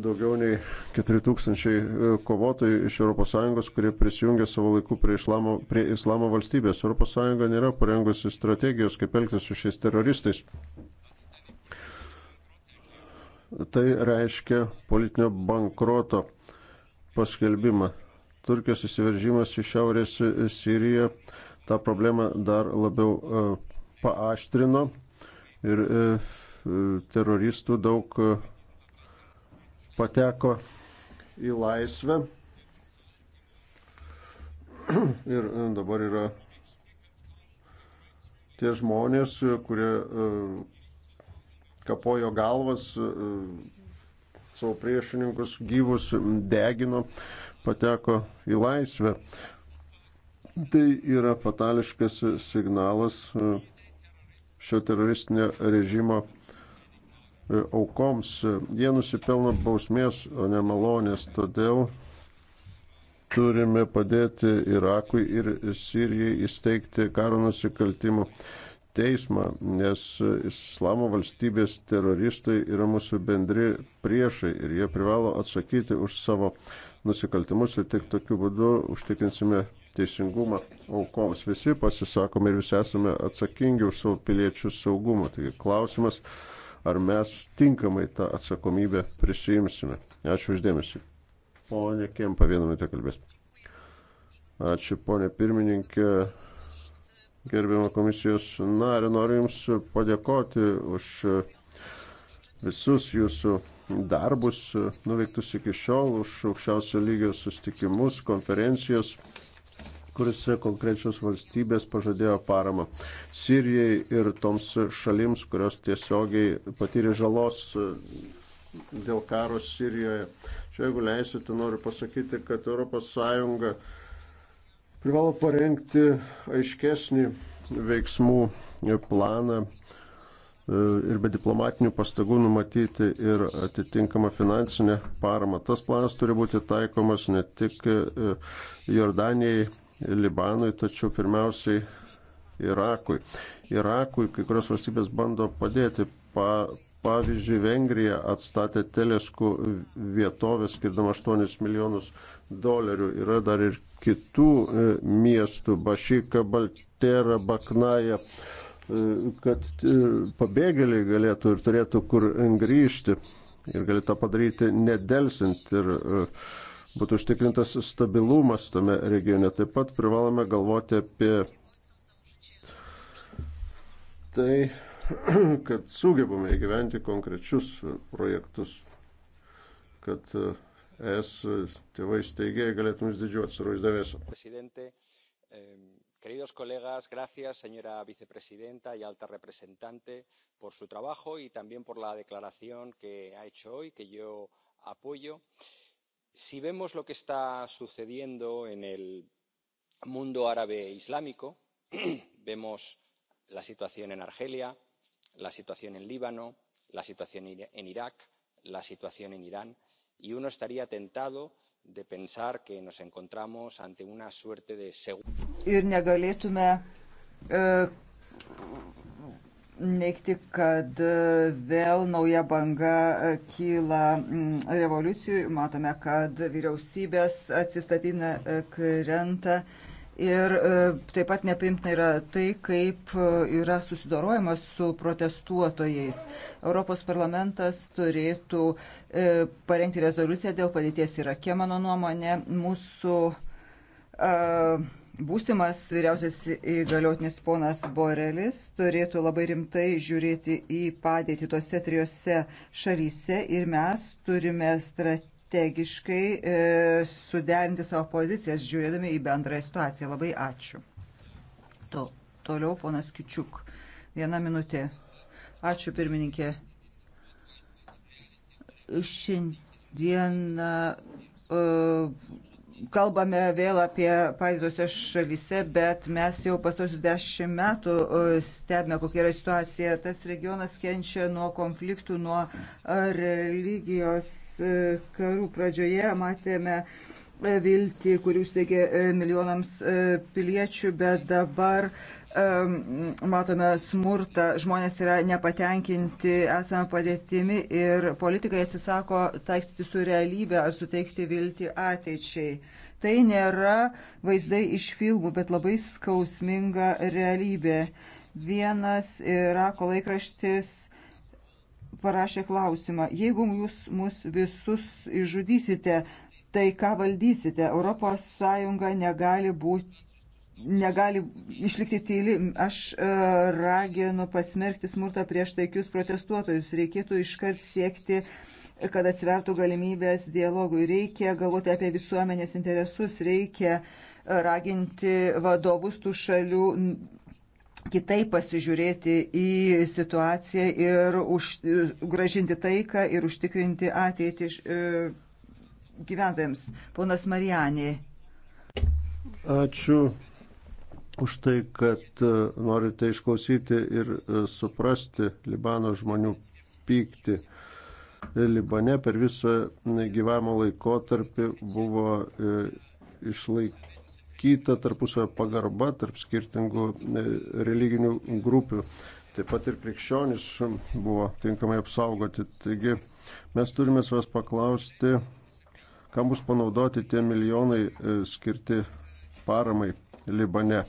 A: daugiau nei 4000 e, kovotojų iš ES, kurie prisijungė savo laiku prie islamo, prie islamo valstybės. ES nėra parengusi strategijos, kaip elgtis su šiais teroristais tai reiškia politinio bankroto paskelbimą. Turkijos įsiveržimas į Šiaurės Siriją tą problemą dar labiau e, paaštrino ir e, e, teroristų daug pateko į laisvę ir dabar yra tie žmonės, kurie kapojo galvas, e, savo priešininkus gyvus degino, pateko į laisvę. Tai yra fatališkas signalas e, šio teroristinio režimo e, aukoms. Jie nusipelno bausmės, o ne malonės. Todėl turime padėti Irakui ir Sirijai įsteigti karo nusikaltimų teismą, nes islamo valstybės teroristai yra mūsų bendri priešai ir jie privalo atsakyti už savo nusikaltimus ir tik tokiu būdu užtikrinsime teisingumą aukoms. Visi pasisakome ir visi esame atsakingi už savo piliečių saugumą. Taigi klausimas, ar mes tinkamai tą atsakomybę prisijimsime. Ačiū uždėmesi. Pone Kempa, vieną minutę kalbės. Ačiū, ponė pirmininkė gerbiamą komisijos narį. Noriu Jums padėkoti už visus Jūsų darbus nuveiktus iki šiol, už aukščiausio lygio sustikimus, konferencijas kuriuose konkrečios valstybės pažadėjo paramą Sirijai ir toms šalims, kurios tiesiogiai patyrė žalos dėl karo Sirijoje. Čia, jeigu leisite, noriu pasakyti, kad ES privalo parengti aiškesnį veiksmų planą e, ir be diplomatinių pastagų numatyti ir atitinkamą finansinę paramą. Tas planas turi būti taikomas ne tik e, Jordanijai, Libanui, tačiau pirmiausiai Irakui. Irakui kai kurios valstybės bando padėti pa, Pavyzdžiui, Vengrija atstatė teleskų vietovę, skirdama 8 milijonus dolerių. Yra dar ir kitų e, miestų - Bašyka, Baltera, Baknaja, e, kad e, pabėgėliai galėtų ir turėtų kur grįžti ir gali tą padaryti nedelsint ir būtų užtikrintas stabilumas tame regione. Taip pat privalome galvoti apie tai, kad sugebame įgyventi konkrečius projektus, kad e, es tėvai steigėjai galėtume didžiuotis ir vaizdavėsiu.
D: Queridos colegas, gracias, señora vicepresidenta y alta representante, por su trabajo y también por la declaración que ha hecho hoy, que yo apoyo. Si vemos lo que está sucediendo en el mundo árabe islámico, vemos la situación en Argelia, la situación en el líbano la situación en irak la situación en irán y uno estaría tentado de pensar que nos encontramos ante una suerte de.
B: ir negalėtume e, neikti, kad e, vėl nauja banga e, kyla revoliucijų. Matome, kad vyriausybės atsistatina, e, krenta. E, Ir e, taip pat neprimtina yra tai, kaip e, yra susidorojamas su protestuotojais. Europos parlamentas turėtų e, parengti rezoliuciją dėl padėties Irake, mano nuomonė. Mūsų būsimas vyriausias įgaliotinis ponas Borelis turėtų labai rimtai žiūrėti į padėtį tose trijose šalyse ir mes turime strategiją strategiškai e, suderinti savo pozicijas, žiūrėdami į bendrą situaciją. Labai ačiū. To, toliau ponas Kičiuk. Viena minutė. Ačiū pirmininkė. Šiandieną uh, kalbame vėl apie paėdose šalyse, bet mes jau pasosius dešimt metų e, stebime, kokia yra situacija. Tas regionas kenčia nuo konfliktų, nuo religijos E, karų pradžioje matėme e, viltį, kurių steigė e, milijonams piliečių, bet dabar matome smurtą, žmonės yra nepatenkinti esame padėtimi ir politikai atsisako taikstyti su realybė ar suteikti viltį ateičiai. Tai nėra vaizdai iš filmų, bet labai skausminga realybė. Vienas Irako laikraštis parašė klausimą, jeigu jūs mus visus išžudysite, tai ką valdysite? Europos Sąjunga negali būti negali išlikti tyli. Aš e, raginu pasmerkti smurtą prieš taikius protestuotojus. Reikėtų iškart siekti kad atsvertų galimybės dialogui. Reikia galvoti apie visuomenės interesus, reikia raginti vadovus tų šalių kitaip pasižiūrėti į situaciją ir už, gražinti taiką ir užtikrinti ateitį e, gyventojams. Ponas Marijanė.
A: Ačiū už tai, kad e, norite išklausyti ir e, suprasti Libano žmonių pyktį. Libane per visą gyvavimo laikotarpį buvo e, išlaikyti išlaikyta tarpusavio pagarba tarp skirtingų e, religinių grupių. Taip pat ir krikščionys buvo tinkamai apsaugoti. Taigi mes turime savęs paklausti, kam bus panaudoti tie milijonai e, skirti paramai Libane.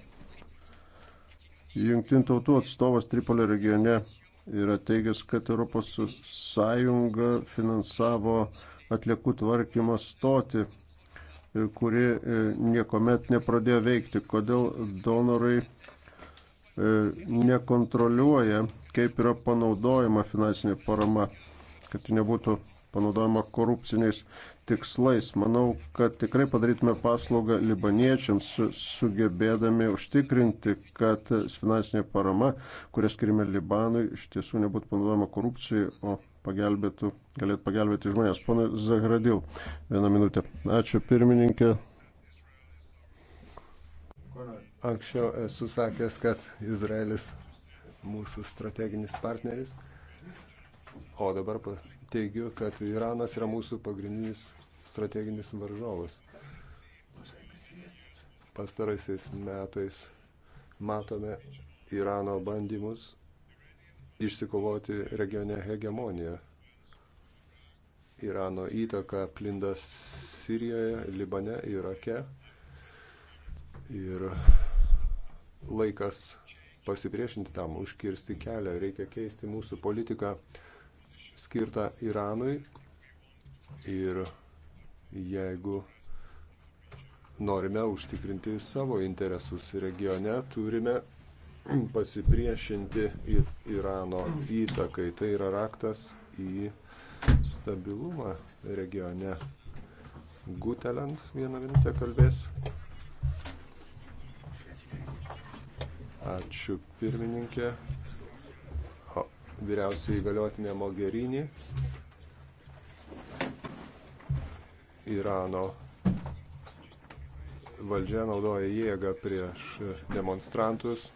A: Junktinių tautų atstovas Tripolio regione yra teigęs, kad ES finansavo atliekų tvarkymo stoti kuri e, niekuomet nepradėjo veikti. Kodėl donorai e, nekontroliuoja, kaip yra panaudojama finansinė parama, kad nebūtų panaudojama korupciniais tikslais. Manau, kad tikrai padarytume paslaugą libaniečiams, sugebėdami užtikrinti, kad finansinė parama, kurią skirime Libanui, iš tiesų nebūtų panaudojama korupcijai, o pagelbėtų, galėtų pagelbėti žmonės. Pana Zagradil, vieną minutę. Ačiū pirmininkė. Anksčiau
C: esu sakęs, kad Izraelis mūsų strateginis partneris, o dabar teigiu, kad Iranas yra mūsų pagrindinis strateginis varžovas. Pastaraisiais metais matome Irano bandymus išsikovoti regione hegemoniją. Irano įtaka plinda Sirijoje, Libane, Irake. Ir laikas pasipriešinti tam, užkirsti kelią, reikia keisti mūsų politiką skirtą Iranui. Ir jeigu norime užtikrinti savo interesus regione, turime pasipriešinti Irano įtakai. Tai yra raktas į stabilumą regione. Guteland vieną minutę kalbės. Ačiū pirmininkė. O, vyriausiai įgaliotinė Mogherini. Irano valdžia naudoja jėgą prieš demonstrantus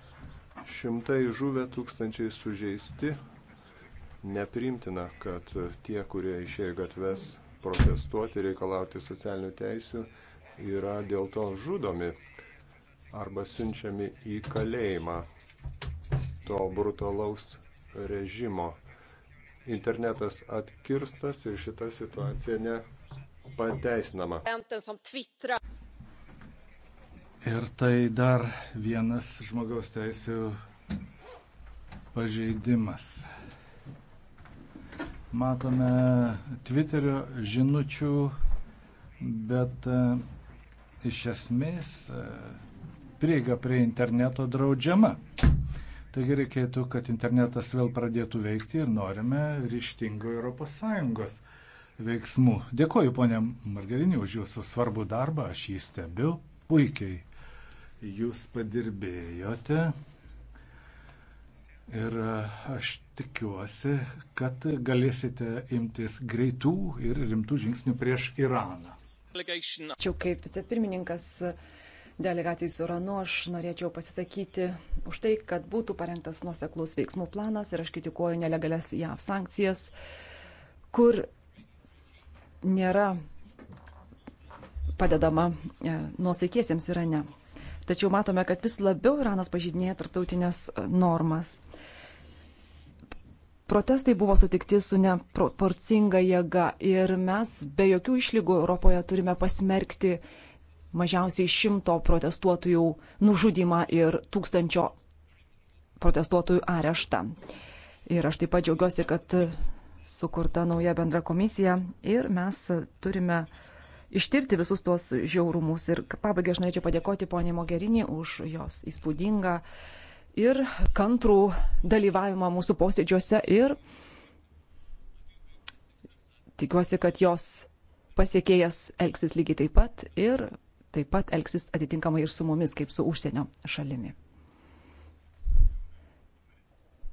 C: Šimtai žuvę, tūkstančiai sužeisti. Nepriimtina, kad tie, kurie išėjo gatves protestuoti, reikalauti socialinių teisių, yra dėl to žudomi arba siunčiami į kalėjimą to brutalaus režimo. Internetas atkirstas ir šita situacija nepateisinama.
D: Ir tai dar
C: vienas žmogaus teisų pažeidimas.
A: Matome Twitterio žinučių,
C: bet e, iš esmės e, prieiga prie interneto draudžiama. Taigi reikėtų, kad internetas vėl pradėtų veikti ir norime ryštingo ES veiksmų. Dėkoju, ponė Margarinė, už jūsų svarbų darbą, aš jį stebiu puikiai jūs padirbėjote ir e, aš tikiuosi, kad galėsite imtis greitų ir rimtų žingsnių prieš Iraną.
E: Čia kaip vicepirmininkas delegacijai su Iranu aš norėčiau pasisakyti už tai, kad būtų parengtas nuoseklus veiksmų planas ir aš kritikuoju nelegalias JAV sankcijas, kur nėra padedama e, nuosaikiesiems Irane. Tačiau matome, kad vis labiau Iranas pažydinėja tarptautinės e, normas. Protestai buvo sutikti su neproporcinga jėga ir mes be jokių išlygų Europoje turime pasmerkti mažiausiai šimto protestuotojų nužudimą ir tūkstančio protestuotojų areštą. Ir aš taip pat džiaugiuosi, kad sukurta nauja bendra komisija ir mes turime uh, ištirti visus tuos žiaurumus. Ir pabaigai aš norėčiau padėkoti poniai Mogerinį už jos įspūdingą ir kantrų dalyvavimą mūsų posėdžiuose ir tikiuosi, kad jos pasiekėjas elgsis lygiai taip pat ir taip pat elgsis atitinkamai ir su mumis, kaip su užsienio šalimi.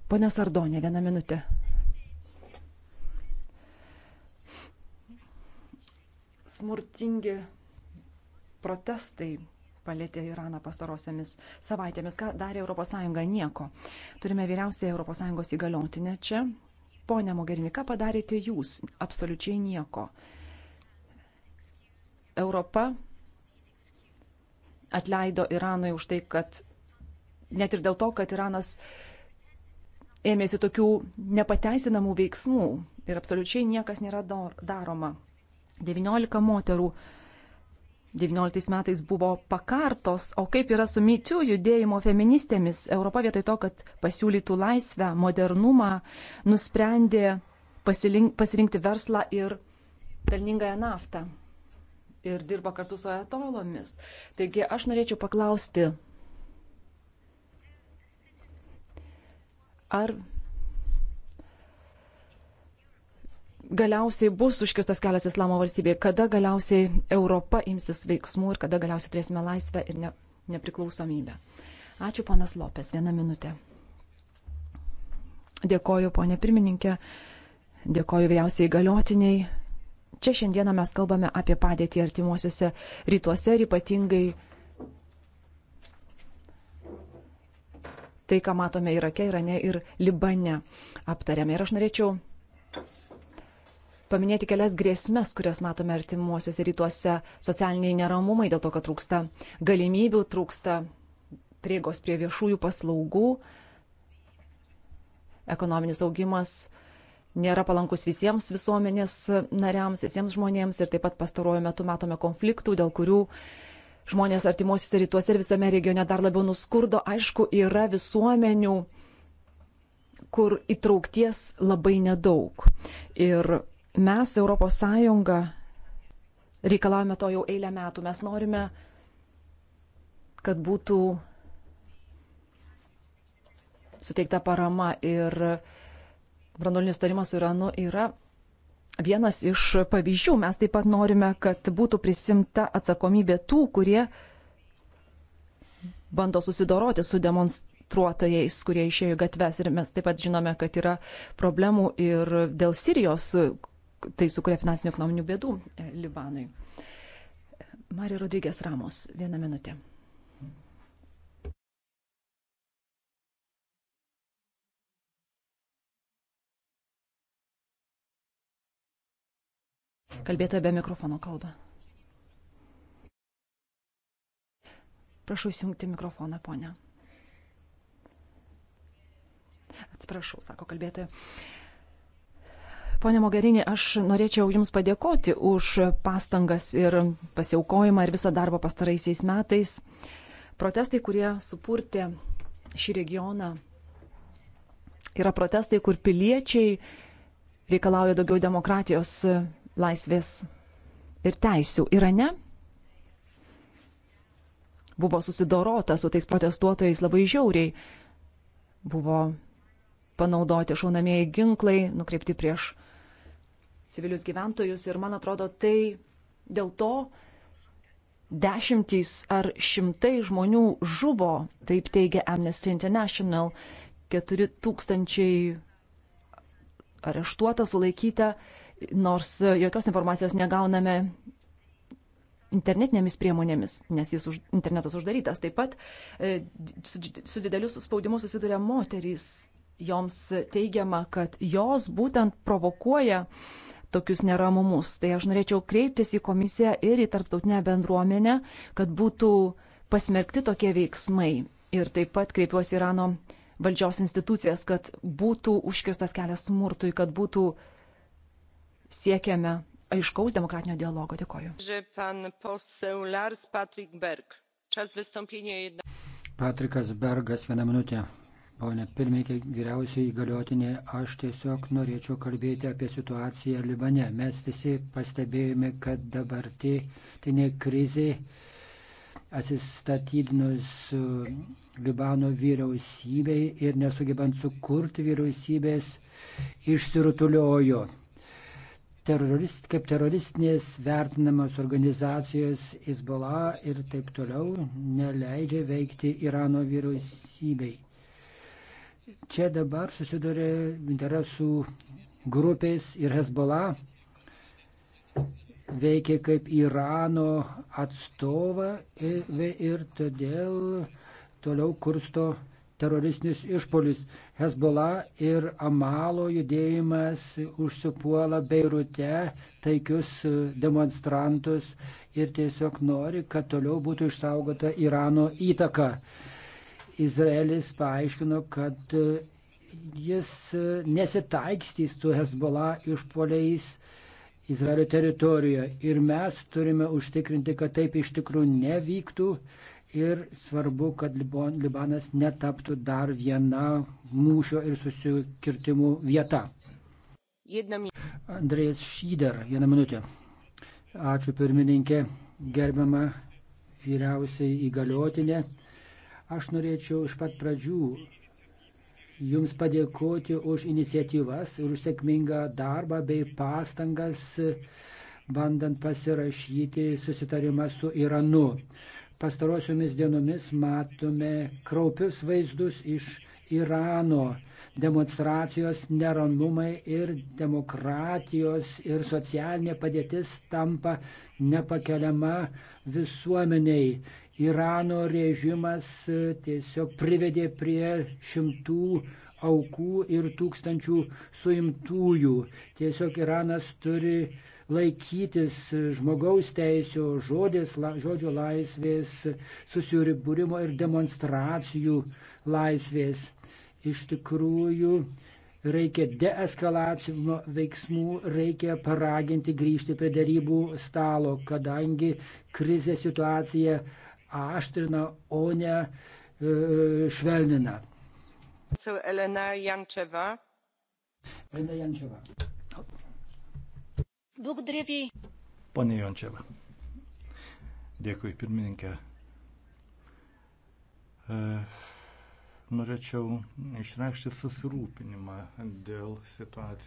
E: Pone Sardonė, vieną minutę. smurtingi protestai palėtė Iraną pastarosiamis savaitėmis. Ką darė ES? Nieko. Turime vyriausią ES įgaliotinę čia. Pone Mogerini, ką padarėte jūs? Absoliučiai nieko. Europa atleido Iranui už tai, kad net ir dėl to, kad Iranas ėmėsi tokių nepateisinamų veiksmų ir absoliučiai niekas nėra daroma. 19 moterų 19 metais buvo pakartos, o kaip yra su myčių judėjimo feministėmis, Europa vietoj to, kad pasiūlytų laisvę, modernumą, nusprendė pasirinkti verslą ir pelningąją naftą ir dirba kartu su etolomis. Taigi aš norėčiau paklausti, ar galiausiai bus užkirstas kelias islamo valstybėje, kada galiausiai Europa imsis veiksmų ir kada galiausiai turėsime laisvę ir ne, nepriklausomybę. Ačiū, ponas Lopės, vieną minutę. Dėkoju, ponė pirmininkė, dėkoju vyriausiai galiotiniai. Čia šiandieną mes kalbame apie padėtį artimuosiuose rytuose ir ypatingai tai, ką matome Irake, Irane ir Libane aptariame. Ir aš norėčiau paminėti kelias grėsmes, kurias matome artimuosiuose rytuose - socialiniai neramumai dėl to, kad trūksta galimybių, trūksta priegos prie viešųjų paslaugų, ekonominis augimas nėra palankus visiems visuomenės nariams, visiems žmonėms ir taip pat pastaruoju metu matome konfliktų, dėl kurių žmonės artimuosiuose rytuose ir visame regione dar labiau nuskurdo. Aišku, yra visuomenių, kur įtraukties labai nedaug. Ir Mes, ES, reikalavome to jau eilę metų. Mes norime, kad būtų suteikta parama ir branduolinis tarimas su Iranu yra vienas iš pavyzdžių. Mes taip pat norime, kad būtų prisimta atsakomybė tų, kurie bando susidoroti su demonstruotojais, kurie išėjo į gatves. Ir mes taip pat žinome, kad yra problemų ir dėl Sirijos, tai sukuria finansinių ekonominių bėdų e, Libanui. Marija Rodrygės Ramos, vieną minutę. Kalbėtoja be mikrofono kalba. Prašau įsijungti mikrofoną, ponia. Atsiprašau, sako kalbėtoja. Pone Mogerinė, aš norėčiau Jums padėkoti už pastangas ir pasiaukojimą ir visą darbą pastaraisiais metais. Protestai, kurie supurtė šį regioną, yra protestai, kur piliečiai reikalauja daugiau demokratijos, laisvės ir teisių. Irane buvo susidorota su tais protestuotojais labai žiauriai. Buvo panaudoti šaunamieji ginklai nukreipti prieš civilius gyventojus ir man atrodo tai dėl to dešimtys ar šimtai žmonių žuvo, taip teigia Amnesty International, 4000 areštuota, sulaikyta, nors jokios informacijos negauname internetinėmis priemonėmis, nes jis už, internetas uždarytas. Taip pat e, su, su dideliu spaudimu susiduria moterys. Joms teigiama, kad jos būtent provokuoja e, tokius neramumus. Tai aš norėčiau kreiptis į komisiją ir į tarptautinę bendruomenę, kad būtų pasmerkti tokie veiksmai. Ir taip pat kreipiuosi Irano valdžios institucijas, kad būtų užkirstas kelias smurtui, kad būtų siekiame aiškaus demokratinio dialogo. Dėkoju.
D: Patrikas Bergas, vieną minutę. Pone pirmininkė, vyriausiai įgaliotinė, aš tiesiog norėčiau kalbėti apie situaciją Libane. Mes visi pastebėjome, kad dabartinė krizė atsistatydinus Libano vyriausybei ir nesugebant sukurti vyriausybės išsirutuliojo. Terorist, kaip teroristinės vertinamos organizacijos Izbola ir taip toliau neleidžia veikti Irano vyriausybei Čia dabar susiduria interesų grupės ir Hezbollah veikia kaip Irano atstovą ir todėl toliau kursto teroristinius išpolius. Hezbollah ir Amalo judėjimas užsipuola Beirute taikius demonstrantus ir tiesiog nori, kad toliau būtų išsaugota Irano įtaka. Izraelis paaiškino, kad e, jis e, nesitaikstys su Hezbollah išpoliais Izraelio teritorijoje. Ir mes turime užtikrinti, kad taip iš tikrųjų nevyktų. Ir svarbu, kad Libanas netaptų dar viena mūšio ir susikirtimų vieta. Andrėjas Šyder, vieną minutę. Ačiū pirmininkė, gerbiama vyriausiai įgaliotinė. Aš norėčiau iš pat pradžių Jums padėkoti už iniciatyvas ir už sėkmingą darbą bei pastangas, bandant pasirašyti susitarimą su Iranu. Pastarosiomis dienomis matome kraupius vaizdus iš Irano demonstracijos neramumai ir demokratijos ir socialinė padėtis tampa nepakeliama visuomeniai. Irano režimas e, tiesiog privedė prie šimtų aukų ir tūkstančių suimtųjų. Tiesiog Iranas turi laikytis žmogaus teisų, žodės, la, žodžio laisvės, susiribūrimo ir demonstracijų laisvės. Iš tikrųjų, reikia deeskalacinio veiksmų, reikia paraginti grįžti prie darybų stalo, kadangi krizė situacija aštrina, o ne e, švelnina. So Elena Jančeva. Elena Jančeva.
E: Благодаря ви.
D: Pane Jončeva.
C: Dėkui, pirmininkė. E, norėčiau išreikšti susirūpinimą dėl situacijos.